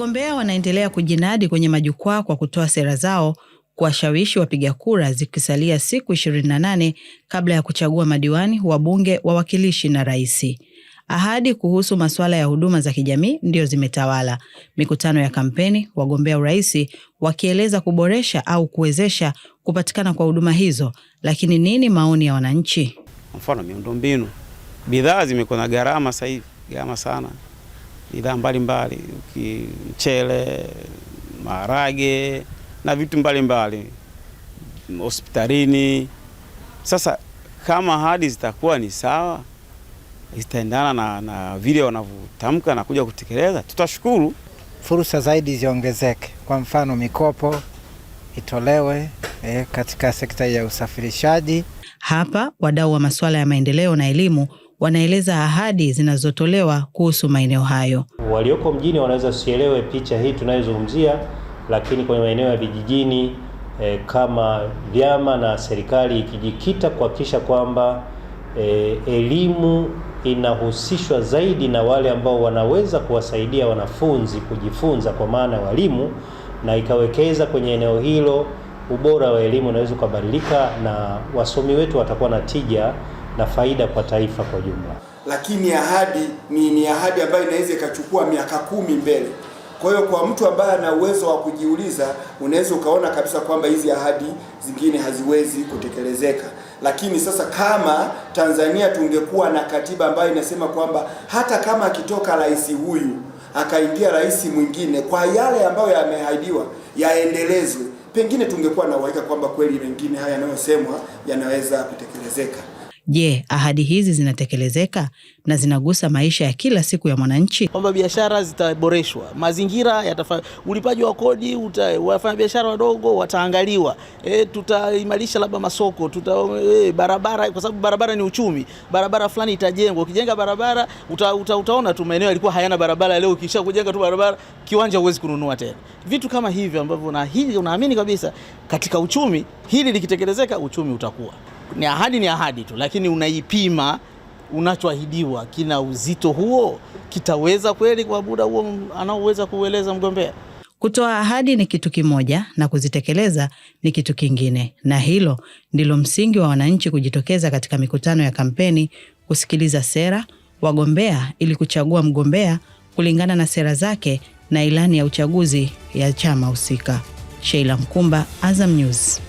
Wagombea wanaendelea kujinadi kwenye majukwaa kwa kutoa sera zao kuwashawishi wapiga kura, zikisalia siku 28 kabla ya kuchagua madiwani, wabunge, wawakilishi na rais. Ahadi kuhusu masuala ya huduma za kijamii ndio zimetawala mikutano ya kampeni, wagombea urais wakieleza kuboresha au kuwezesha kupatikana kwa huduma hizo. Lakini nini maoni ya wananchi? Mfano miundombinu, bidhaa zimekuwa na gharama sasa hivi, gharama sana bidhaa mbalimbali, mchele, maharage na vitu mbalimbali hospitalini. Sasa kama hadi zitakuwa ni sawa, zitaendana na, na vile wanavyotamka na kuja kutekeleza, tutashukuru. Fursa zaidi ziongezeke, kwa mfano mikopo itolewe eh, katika sekta ya usafirishaji. Hapa wadau wa masuala ya maendeleo na elimu wanaeleza ahadi zinazotolewa kuhusu maeneo hayo. Walioko mjini wanaweza sielewe picha hii tunayozungumzia, lakini kwenye maeneo ya vijijini e, kama vyama na serikali ikijikita kuhakikisha kwamba e, elimu inahusishwa zaidi na wale ambao wanaweza kuwasaidia wanafunzi kujifunza, kwa maana ya walimu, na ikawekeza kwenye eneo hilo, ubora wa elimu unaweza ukabadilika na wasomi wetu watakuwa na tija na faida kwa taifa kwa jumla. Lakini ahadi ni, ni ahadi ambayo inaweza ikachukua miaka kumi mbele. Kwa hiyo kwa mtu ambaye ana uwezo wa kujiuliza, unaweza ukaona kabisa kwamba hizi ahadi zingine haziwezi kutekelezeka. Lakini sasa kama Tanzania tungekuwa na katiba ambayo inasema kwamba hata kama akitoka rais huyu akaingia rais mwingine, kwa yale ambayo yameahidiwa yaendelezwe, pengine tungekuwa na uhakika kwamba kweli mengine haya yanayosemwa yanaweza kutekelezeka. Je, ahadi hizi zinatekelezeka na zinagusa maisha ya kila siku ya mwananchi? Kwamba biashara zitaboreshwa, mazingira yatafa, ulipaji wa kodi, uta, wafanya biashara wadogo wataangaliwa, e, tutaimarisha labda masoko tuta, e, barabara, kwa sababu barabara ni uchumi. Barabara fulani itajengwa, ukijenga barabara uta, uta, utaona tu maeneo yalikuwa hayana barabara, leo ukisha kujenga tu barabara, kiwanja huwezi kununua tena, vitu kama hivyo ambavyo, na hili unaamini kabisa katika uchumi, hili likitekelezeka uchumi utakuwa ni ahadi ni ahadi tu, lakini unaipima unachoahidiwa kina uzito huo, kitaweza kweli kwa muda huo anaoweza kuueleza mgombea? Kutoa ahadi ni kitu kimoja na kuzitekeleza ni kitu kingine, na hilo ndilo msingi wa wananchi kujitokeza katika mikutano ya kampeni kusikiliza sera wagombea ili kuchagua mgombea kulingana na sera zake na ilani ya uchaguzi ya chama husika. Sheila Mkumba, Azam News.